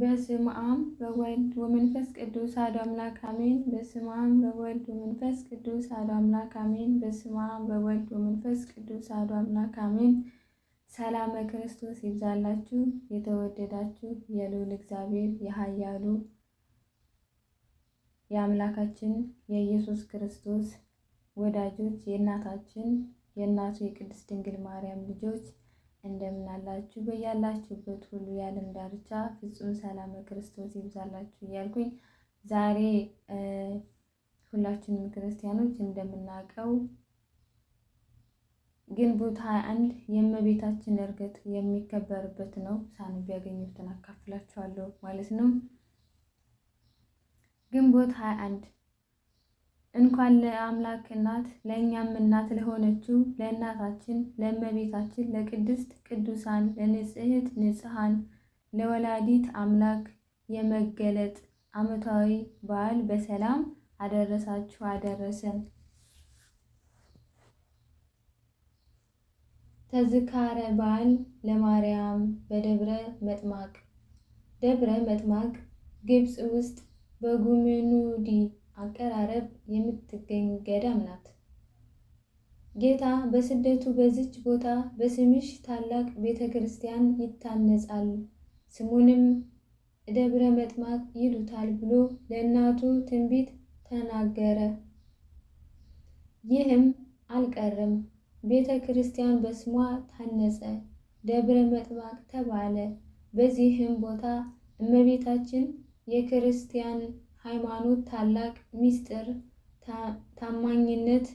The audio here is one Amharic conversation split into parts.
በስመ አብ በወልድ ወመንፈስ ቅዱስ አሐዱ አምላክ አሜን። በስመ አብ በወልድ ወመንፈስ ቅዱስ አሐዱ አምላክ አሜን። በስመ አብ በወልድ ወመንፈስ ቅዱስ አሐዱ አምላክ አሜን። ሰላመ ክርስቶስ ይብዛላችሁ የተወደዳችሁ የልዑል እግዚአብሔር የኃያሉ የአምላካችን የኢየሱስ ክርስቶስ ወዳጆች የእናታችን የእናቱ የቅድስት ድንግል ማርያም ልጆች እንደምናላችሁ አላችሁ? በያላችሁበት ሁሉ የዓለም ዳርቻ ፍጹም ሰላም ክርስቶስ ይብዛላችሁ እያልኩኝ ዛሬ ሁላችንም ክርስቲያኖች እንደምናውቀው ግንቦት አንድ የእመቤታችን ዕርገት የሚከበርበት ነው። ሳንብ ያገኙትን አካፍላችኋለሁ ማለት ነው። ግንቦት አንድ እንኳን ለአምላክ እናት ለእኛም እናት ለሆነችው ለእናታችን ለእመቤታችን ለቅድስት ቅዱሳን ለንጽሕት ንጽሐን ለወላዲት አምላክ የመገለጥ ዓመታዊ በዓል በሰላም አደረሳችሁ አደረሰን። ተዝካረ በዓል ለማርያም በደብረ መጥማቅ። ደብረ መጥማቅ ግብፅ ውስጥ በጉምኑዲ አቀራረብ የምትገኝ ገዳም ናት። ጌታ በስደቱ በዚች ቦታ በስምሽ ታላቅ ቤተ ክርስቲያን ይታነጻል ስሙንም ደብረ መጥማቅ ይሉታል ብሎ ለእናቱ ትንቢት ተናገረ። ይህም አልቀረም፣ ቤተ ክርስቲያን በስሟ ታነጸ፣ ደብረ መጥማቅ ተባለ። በዚህም ቦታ እመቤታችን የክርስቲያን ሃይማኖት ታላቅ ምስጢር ታማኝነት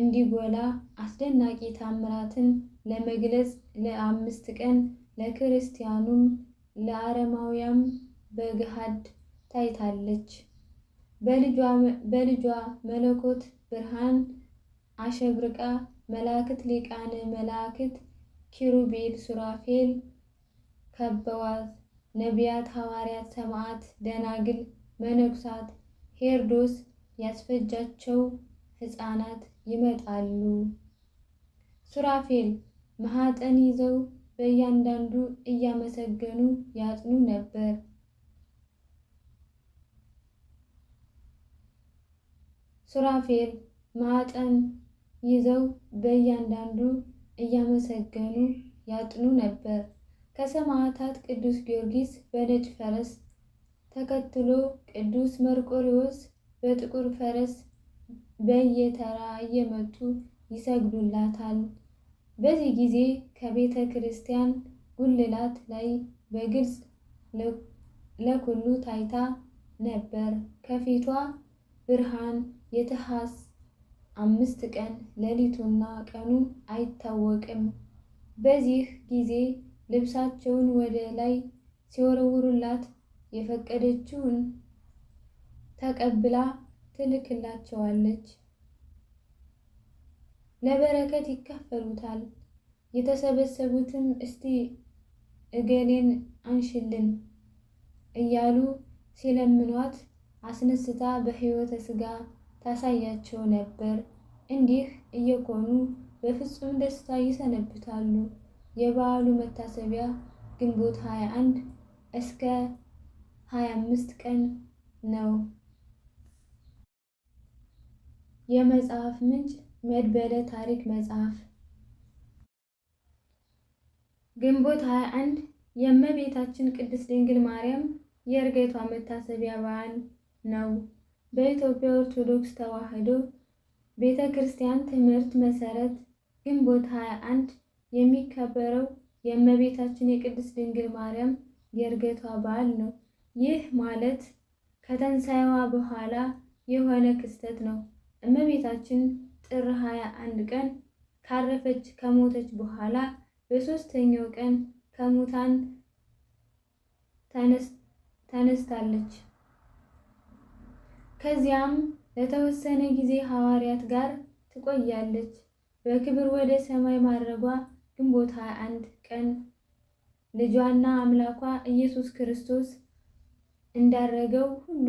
እንዲጎላ አስደናቂ ታምራትን ለመግለጽ ለአምስት ቀን ለክርስቲያኑም ለአረማውያም በግሃድ ታይታለች። በልጇ መለኮት ብርሃን አሸብርቃ መላእክት ሊቃነ መላእክት ኪሩቤል ሱራፌል ከበዋት ነቢያት፣ ሐዋርያት፣ ሰማዕት፣ ደናግል፣ መነኩሳት፣ ሄሮድስ ያስፈጃቸው ሕፃናት ይመጣሉ። ሱራፌል ማኅፀን ይዘው በእያንዳንዱ እያመሰገኑ ያጥኑ ነበር። ሱራፌል ማኅፀን ይዘው በእያንዳንዱ እያመሰገኑ ያጥኑ ነበር። ከሰማዕታት ቅዱስ ጊዮርጊስ በነጭ ፈረስ ተከትሎ ቅዱስ መርቆሪዎስ በጥቁር ፈረስ በየተራ እየመጡ ይሰግዱላታል። በዚህ ጊዜ ከቤተ ክርስቲያን ጉልላት ላይ በግልጽ ለኩሉ ታይታ ነበር። ከፊቷ ብርሃን የታኅሣሥ አምስት ቀን ሌሊቱና ቀኑ አይታወቅም። በዚህ ጊዜ ልብሳቸውን ወደ ላይ ሲወረውሩላት የፈቀደችውን ተቀብላ ትልክላቸዋለች። ለበረከት ይካፈሉታል። የተሰበሰቡትም እስቲ እገሌን አንሽልን እያሉ ሲለምኗት አስነስታ በሕይወተ ሥጋ ታሳያቸው ነበር። እንዲህ እየኮኑ በፍጹም ደስታ ይሰነብታሉ። የበዓሉ መታሰቢያ ግንቦት 21 እስከ 25 ቀን ነው። የመጽሐፍ ምንጭ መድበለ ታሪክ መጽሐፍ። ግንቦት 21 የእመቤታችን ቅድስት ድንግል ማርያም የእርገቷ መታሰቢያ በዓል ነው። በኢትዮጵያ ኦርቶዶክስ ተዋሕዶ ቤተ ክርስቲያን ትምህርት መሰረት ግንቦት 21 የሚከበረው የእመቤታችን የቅድስት ድንግል ማርያም የእርገቷ በዓል ነው። ይህ ማለት ከተንሳይዋ በኋላ የሆነ ክስተት ነው። እመቤታችን ጥር 21 ቀን ካረፈች ከሞተች በኋላ በሦስተኛው ቀን ከሙታን ተነስታለች። ከዚያም ለተወሰነ ጊዜ ሐዋርያት ጋር ትቆያለች። በክብር ወደ ሰማይ ማረጓ ግንቦት አንድ ቀን ልጇና አምላኳ ኢየሱስ ክርስቶስ እንዳረገው ሁሉ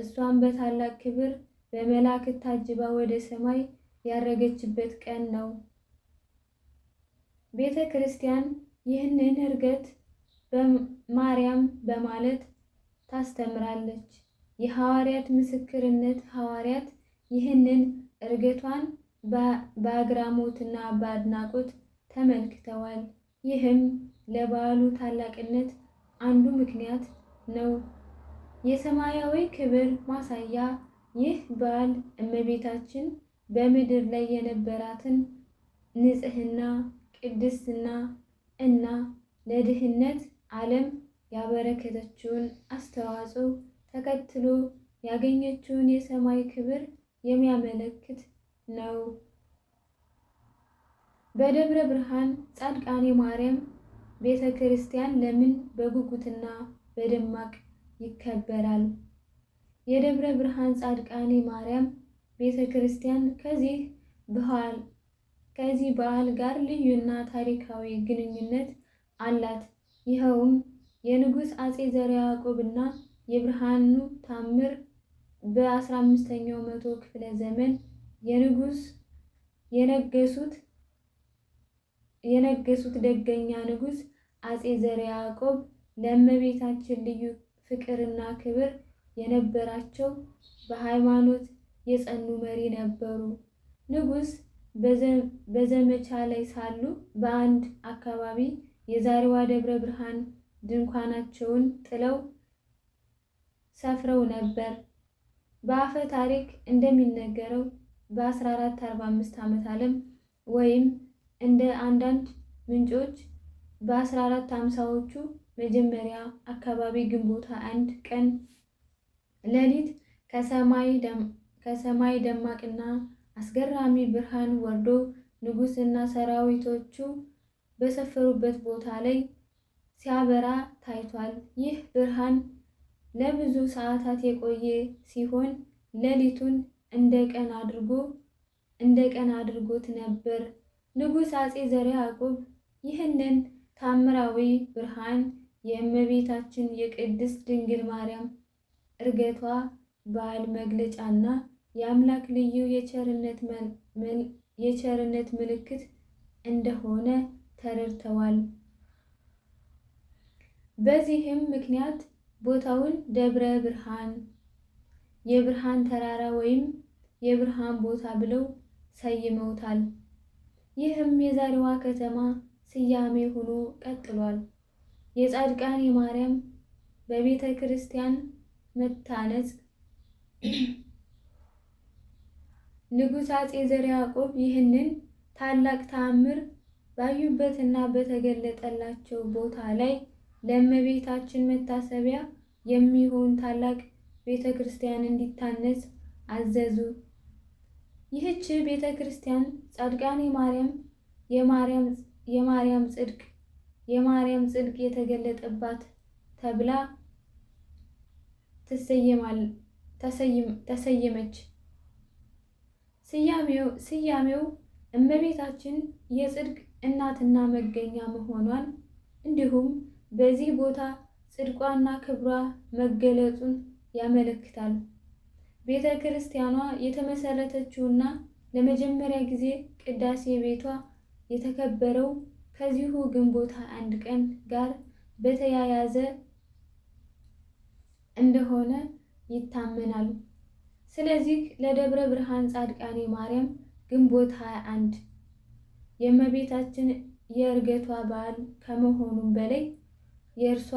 እሷን በታላቅ ክብር በመላእክት ታጅባ ወደ ሰማይ ያረገችበት ቀን ነው። ቤተ ክርስቲያን ይህንን እርገት በማርያም በማለት ታስተምራለች። የሐዋርያት ምስክርነት ሐዋርያት ይህንን እርገቷን በአግራሞትና በአድናቆት ተመልክተዋል። ይህም ለበዓሉ ታላቅነት አንዱ ምክንያት ነው። የሰማያዊ ክብር ማሳያ ይህ በዓል እመቤታችን በምድር ላይ የነበራትን ንጽህና ቅድስና እና ለድህነት ዓለም ያበረከተችውን አስተዋጽኦ ተከትሎ ያገኘችውን የሰማይ ክብር የሚያመለክት ነው። በደብረ ብርሃን ጻድቃኔ ማርያም ቤተ ክርስቲያን ለምን በጉጉትና በደማቅ ይከበራል? የደብረ ብርሃን ጻድቃኔ ማርያም ቤተ ክርስቲያን ከዚህ በዓል ከዚህ በዓል ጋር ልዩና ታሪካዊ ግንኙነት አላት። ይኸውም የንጉሥ አጼ ዘርዓ ያዕቆብና የብርሃኑ ታምር በ15ኛው መቶ ክፍለ ዘመን የንጉሥ የነገሱት የነገሱት ደገኛ ንጉስ አጼ ዘርዓ ያዕቆብ ለእመቤታችን ልዩ ፍቅርና ክብር የነበራቸው በሃይማኖት የጸኑ መሪ ነበሩ። ንጉሥ በዘመቻ ላይ ሳሉ በአንድ አካባቢ የዛሬዋ ደብረ ብርሃን ድንኳናቸውን ጥለው ሰፍረው ነበር። በአፈ ታሪክ እንደሚነገረው በ1445 ዓመተ ዓለም ወይም እንደ አንዳንድ ምንጮች በ1450ዎቹ መጀመሪያ አካባቢ ግንቦት አንድ ቀን ሌሊት ከሰማይ ደማቅና አስገራሚ ብርሃን ወርዶ ንጉሥ እና ሰራዊቶቹ በሰፈሩበት ቦታ ላይ ሲያበራ ታይቷል። ይህ ብርሃን ለብዙ ሰዓታት የቆየ ሲሆን ሌሊቱን እንደ ቀን አድርጎት ነበር። ንጉሥ አጼ ዘርዓ ያዕቆብ ይህንን ታምራዊ ብርሃን የእመቤታችን የቅድስት ድንግል ማርያም እርገቷ በዓል መግለጫና የአምላክ ልዩ የቸርነት ምልክት እንደሆነ ተረድተዋል። በዚህም ምክንያት ቦታውን ደብረ ብርሃን፣ የብርሃን ተራራ ወይም የብርሃን ቦታ ብለው ሰይመውታል። ይህም የዛሬዋ ከተማ ስያሜ ሆኖ ቀጥሏል። የጻድቃን ማርያም በቤተ ክርስቲያን መታነጽ ንጉሥ አጼ ዘር ያዕቆብ ይህንን ታላቅ ተአምር ባዩበትና በተገለጠላቸው ቦታ ላይ ለእመቤታችን መታሰቢያ የሚሆን ታላቅ ቤተ ክርስቲያን እንዲታነጽ አዘዙ። ይህች ቤተ ክርስቲያን ጻድቃኔ ማርያም የማርያም የማርያም ጽድቅ የማርያም ጽድቅ የተገለጠባት ተብላ ተሰየመች። ስያሜው እመቤታችን የጽድቅ እናትና መገኛ መሆኗን እንዲሁም በዚህ ቦታ ጽድቋና ክብሯ መገለጹን ያመለክታል። ቤተ ክርስቲያኗ የተመሰረተችውና ለመጀመሪያ ጊዜ ቅዳሴ ቤቷ የተከበረው ከዚሁ ግንቦት አንድ ቀን ጋር በተያያዘ እንደሆነ ይታመናል። ስለዚህ ለደብረ ብርሃን ጻድቃኔ ማርያም ግንቦት 21 የእመቤታችን የእርገቷ በዓል ከመሆኑም በላይ የእርሷ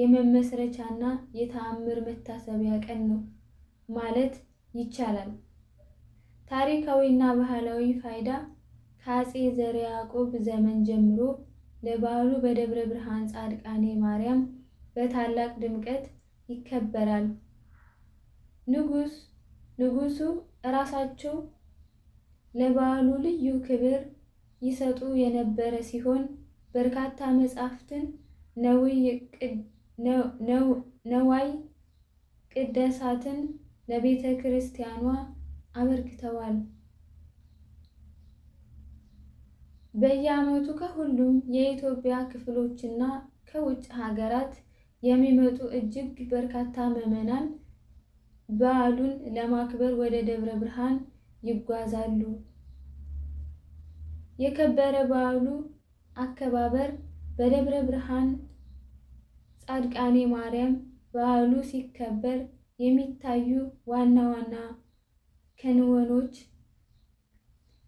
የመመስረቻና የተአምር መታሰቢያ ቀን ነው። ማለት ይቻላል። ታሪካዊና ባህላዊ ፋይዳ ከአፄ ዘር ያዕቆብ ዘመን ጀምሮ ለበዓሉ በደብረ ብርሃን ጻድቃኔ ማርያም በታላቅ ድምቀት ይከበራል። ንጉሱ ራሳቸው እራሳቸው ለበዓሉ ልዩ ክብር ይሰጡ የነበረ ሲሆን በርካታ መጻሕፍትን ነዋይ ቅደሳትን ለቤተ ክርስቲያኗ አበርክተዋል። በየዓመቱ ከሁሉም የኢትዮጵያ ክፍሎችና ከውጭ ሀገራት የሚመጡ እጅግ በርካታ ምዕመናን በዓሉን ለማክበር ወደ ደብረ ብርሃን ይጓዛሉ። የከበረ በዓሉ አከባበር በደብረ ብርሃን ጻድቃኔ ማርያም በዓሉ ሲከበር የሚታዩ ዋና ዋና ክንውኖች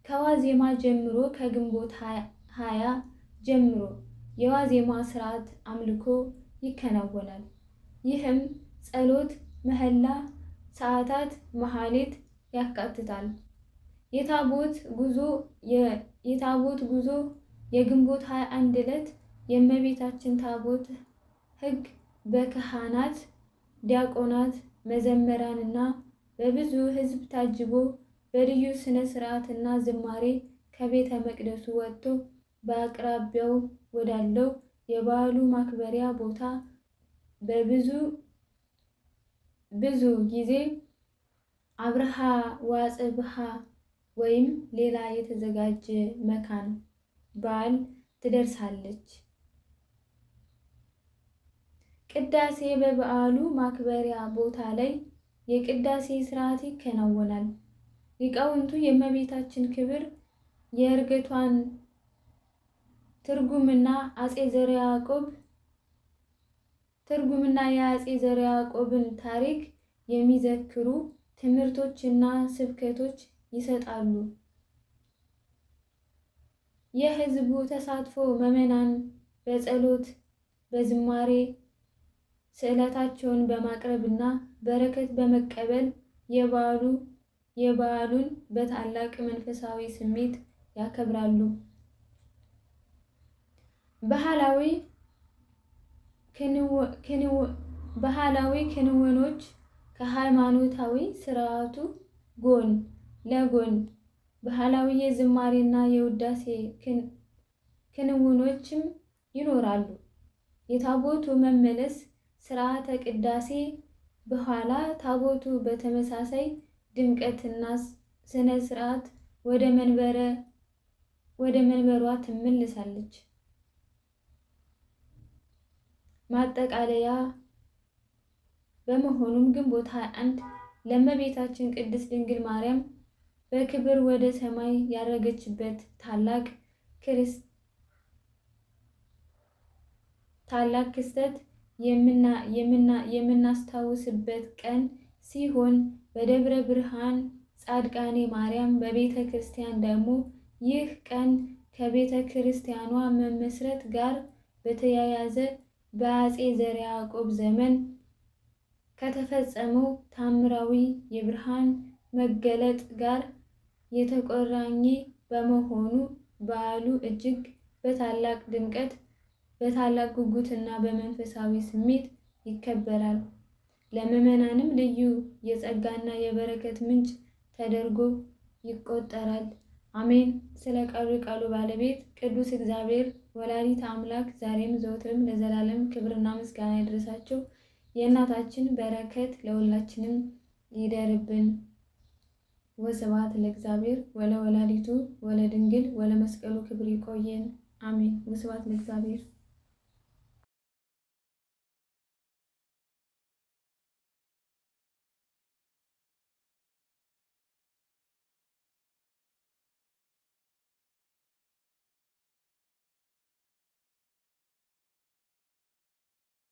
ከዋዜማ ጀምሮ ከግንቦት ሀያ ጀምሮ የዋዜማ ስርዓት አምልኮ ይከናወናል። ይህም ጸሎት፣ መሐላ፣ ሰዓታት፣ መሐሌት ያካትታል። የታቦት ጉዞ የታቦት ጉዞ የግንቦት 21 ዕለት የእመቤታችን ታቦት ሕግ በካህናት ዲያቆናት መዘመራንና በብዙ ሕዝብ ታጅቦ በልዩ ሥነ ሥርዓትና ዝማሬ ከቤተ መቅደሱ ወጥቶ በአቅራቢያው ወዳለው የበዓሉ ማክበሪያ ቦታ በብዙ ብዙ ጊዜ አብርሃ ዋጽብሃ ወይም ሌላ የተዘጋጀ መካን በዓል ትደርሳለች። ቅዳሴ በበዓሉ ማክበሪያ ቦታ ላይ የቅዳሴ ስርዓት ይከናወናል። ሊቃውንቱ የእመቤታችን ክብር የእርገቷን ትርጉምና አጼ ዘርዓ ያዕቆብ ትርጉምና የአጼ ዘርዓ ያዕቆብን ታሪክ የሚዘክሩ ትምህርቶችና ስብከቶች ይሰጣሉ። የህዝቡ ተሳትፎ መመናን በጸሎት በዝማሬ ስዕለታቸውን በማቅረብ እና በረከት በመቀበል የበዓሉ የበዓሉን በታላቅ መንፈሳዊ ስሜት ያከብራሉ። ባህላዊ ባህላዊ ክንውኖች ከሃይማኖታዊ ስርዓቱ ጎን ለጎን ባህላዊ የዝማሬና የውዳሴ ክንውኖችም ይኖራሉ። የታቦቱ መመለስ ስርዓተ ቅዳሴ በኋላ ታቦቱ በተመሳሳይ ድምቀትና ስነ ስርዓት ወደ መንበረ ወደ መንበሯ ትመለሳለች። ማጠቃለያ በመሆኑም ግንቦት 21 ለእመቤታችን ቅድስት ድንግል ማርያም በክብር ወደ ሰማይ ያረገችበት ታላቅ ታላቅ ክስተት የምናስታውስበት ቀን ሲሆን በደብረ ብርሃን ጻድቃኔ ማርያም በቤተ ክርስቲያን ደግሞ ይህ ቀን ከቤተ ክርስቲያኗ መመስረት ጋር በተያያዘ በአጼ ዘርዓ ያዕቆብ ዘመን ከተፈጸመው ታምራዊ የብርሃን መገለጥ ጋር የተቆራኘ በመሆኑ በዓሉ እጅግ በታላቅ ድምቀት በታላቅ ጉጉትና በመንፈሳዊ ስሜት ይከበራል። ለምዕመናንም ልዩ የጸጋና የበረከት ምንጭ ተደርጎ ይቆጠራል። አሜን። ስለ ቀሪ ቃሉ ባለቤት ቅዱስ እግዚአብሔር ወላዲት አምላክ ዛሬም ዘወትርም ለዘላለም ክብርና ምስጋና ይድረሳቸው። የእናታችን በረከት ለሁላችንም ይደርብን። ወስብሐት ለእግዚአብሔር ወለ ወላዲቱ ወለ ድንግል ወለ መስቀሉ ክብር ይቆየን። አሜን። ወስብሐት ለእግዚአብሔር።